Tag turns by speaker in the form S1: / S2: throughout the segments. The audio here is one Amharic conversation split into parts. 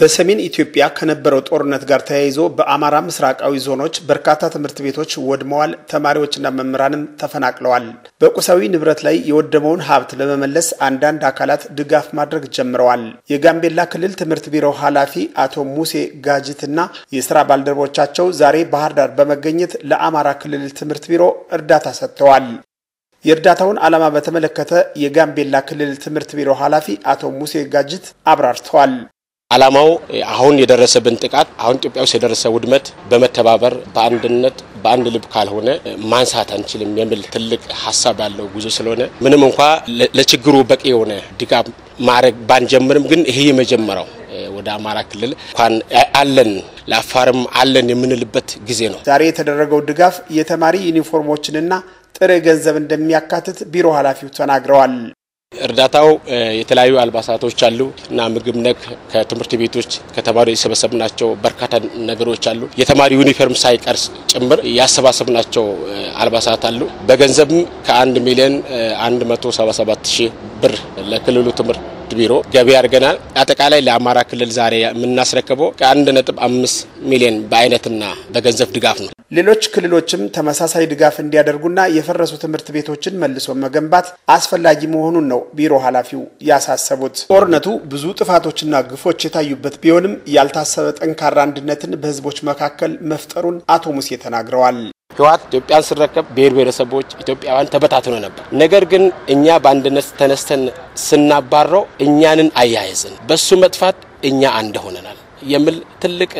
S1: በሰሜን ኢትዮጵያ ከነበረው ጦርነት ጋር ተያይዞ በአማራ ምስራቃዊ ዞኖች በርካታ ትምህርት ቤቶች ወድመዋል፣ ተማሪዎችና መምህራንም ተፈናቅለዋል። በቁሳዊ ንብረት ላይ የወደመውን ሀብት ለመመለስ አንዳንድ አካላት ድጋፍ ማድረግ ጀምረዋል። የጋምቤላ ክልል ትምህርት ቢሮ ኃላፊ አቶ ሙሴ ጋጅትና የስራ ባልደረቦቻቸው ዛሬ ባህር ዳር በመገኘት ለአማራ ክልል ትምህርት ቢሮ እርዳታ ሰጥተዋል። የእርዳታውን ዓላማ በተመለከተ የጋምቤላ ክልል ትምህርት ቢሮ ኃላፊ አቶ ሙሴ ጋጅት አብራርተዋል።
S2: ዓላማው አሁን የደረሰብን ጥቃት አሁን ኢትዮጵያ ውስጥ የደረሰ ውድመት በመተባበር በአንድነት በአንድ ልብ ካልሆነ ማንሳት አንችልም የሚል ትልቅ ሀሳብ ያለው ጉዞ ስለሆነ ምንም እንኳ ለችግሩ በቂ የሆነ ድጋፍ ማድረግ ባንጀምርም፣ ግን ይሄ የመጀመሪያው ወደ አማራ ክልል እንኳን አለን ለአፋርም አለን የምንልበት ጊዜ ነው። ዛሬ የተደረገው
S1: ድጋፍ የተማሪ ዩኒፎርሞችንና ጥሬ ገንዘብ እንደሚያካትት ቢሮ ኃላፊው
S2: ተናግረዋል። እርዳታው የተለያዩ አልባሳቶች አሉ እና ምግብ ነክ ከትምህርት ቤቶች ከተማሪ የሰበሰብናቸው በርካታ ነገሮች አሉ። የተማሪ ዩኒፎርም ሳይቀርስ ጭምር ያሰባሰብናቸው አልባሳት አሉ። በገንዘብም ከአንድ ሚሊዮን 177 ሺህ ብር ለክልሉ ትምህርት ቢሮ ገቢ አድርገናል። አጠቃላይ ለአማራ ክልል ዛሬ የምናስረክበው ከአንድ ነጥብ አምስት ሚሊዮን በአይነትና በገንዘብ ድጋፍ ነው። ሌሎች
S1: ክልሎችም ተመሳሳይ ድጋፍ እንዲያደርጉና የፈረሱ ትምህርት ቤቶችን መልሶ መገንባት አስፈላጊ መሆኑን ነው ቢሮ ኃላፊው ያሳሰቡት። ጦርነቱ ብዙ ጥፋቶችና ግፎች የታዩበት ቢሆንም ያልታሰበ ጠንካራ አንድነትን በህዝቦች መካከል መፍጠሩን አቶ ሙሴ ተናግረዋል።
S2: ህወሓት ኢትዮጵያን ስረከብ ብሔር ብሔረሰቦች ኢትዮጵያውያን ተበታትኖ ነበር። ነገር ግን እኛ በአንድነት ተነስተን ስናባረው እኛንን አያይዝን በሱ መጥፋት እኛ አንድ ሆነናል። የሚል ትልቅ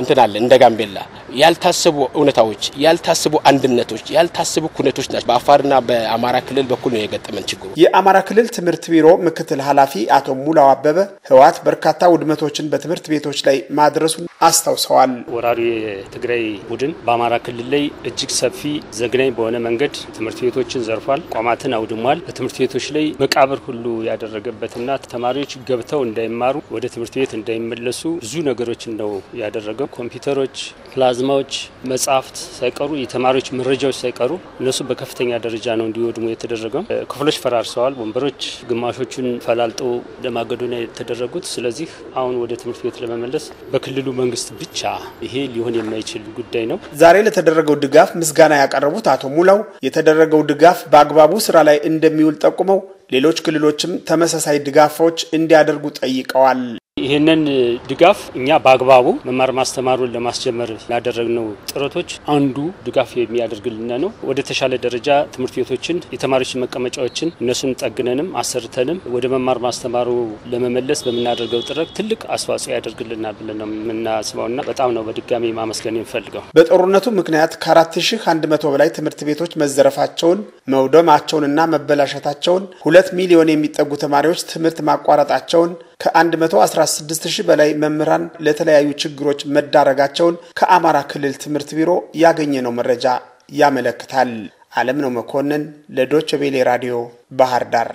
S2: እንትን አለ። እንደ ጋምቤላ ያልታሰቡ እውነታዎች፣ ያልታሰቡ አንድነቶች፣ ያልታሰቡ ኩነቶች ናቸው። በአፋርና በአማራ ክልል በኩል ነው የገጠመን ችግሩ።
S1: የአማራ ክልል ትምህርት ቢሮ ምክትል ኃላፊ አቶ ሙላው አበበ ህወሓት በርካታ ውድመቶችን በትምህርት ቤቶች ላይ ማድረሱን አስታውሰዋል።
S3: ወራሪ የትግራይ ቡድን በአማራ ክልል ላይ እጅግ ሰፊ ዘግናኝ በሆነ መንገድ ትምህርት ቤቶችን ዘርፏል፣ ቋማትን አውድሟል። በትምህርት ቤቶች ላይ መቃብር ሁሉ ያደረገበትና ተማሪዎች ገብተው እንዳይማሩ ወደ ትምህርት ቤት እንዳይመለሱ ብዙ ነገሮችን ነው ያደረገው። ኮምፒውተሮች፣ ፕላዝማዎች፣ መጽሐፍት ሳይቀሩ የተማሪዎች መረጃዎች ሳይቀሩ እነሱ በከፍተኛ ደረጃ ነው እንዲወድሙ የተደረገው። ክፍሎች ፈራርሰዋል። ወንበሮች ግማሾቹን ፈላልጠው ነው የተደረጉት። ስለዚህ አሁን ወደ ትምህርት ቤት ለመመለስ በክልሉ መንግስት ብቻ ይሄ ሊሆን የማይችል ጉዳይ ነው።
S1: ዛሬ ለተደረገው ድጋፍ ምስጋና ያቀረቡት አቶ ሙላው የተደረገው ድጋፍ በአግባቡ ስራ ላይ እንደሚውል ጠቁመው
S3: ሌሎች ክልሎችም ተመሳሳይ ድጋፎች እንዲያደርጉ ጠይቀዋል። ይህንን ድጋፍ እኛ በአግባቡ መማር ማስተማሩን ለማስጀመር ላደረግነው ጥረቶች አንዱ ድጋፍ የሚያደርግልን ነው። ወደ ተሻለ ደረጃ ትምህርት ቤቶችን የተማሪዎችን መቀመጫዎችን እነሱን ጠግነንም አሰርተንም ወደ መማር ማስተማሩ ለመመለስ በምናደርገው ጥረት ትልቅ አስተዋጽኦ ያደርግልናል ብለን ነው የምናስበውና በጣም ነው በድጋሚ ማመስገን የምፈልገው።
S1: በጦርነቱ ምክንያት ከ4100 በላይ ትምህርት ቤቶች መዘረፋቸውን መውደማቸውንና መበላሸታቸውን ሁለት ሚሊዮን የሚጠጉ ተማሪዎች ትምህርት ማቋረጣቸውን ከ116 ሺህ በላይ መምህራን ለተለያዩ ችግሮች መዳረጋቸውን ከአማራ ክልል ትምህርት ቢሮ ያገኘነው መረጃ ያመለክታል። አለም ነው መኮንን ለዶቸ ቤሌ ራዲዮ ባህር ዳር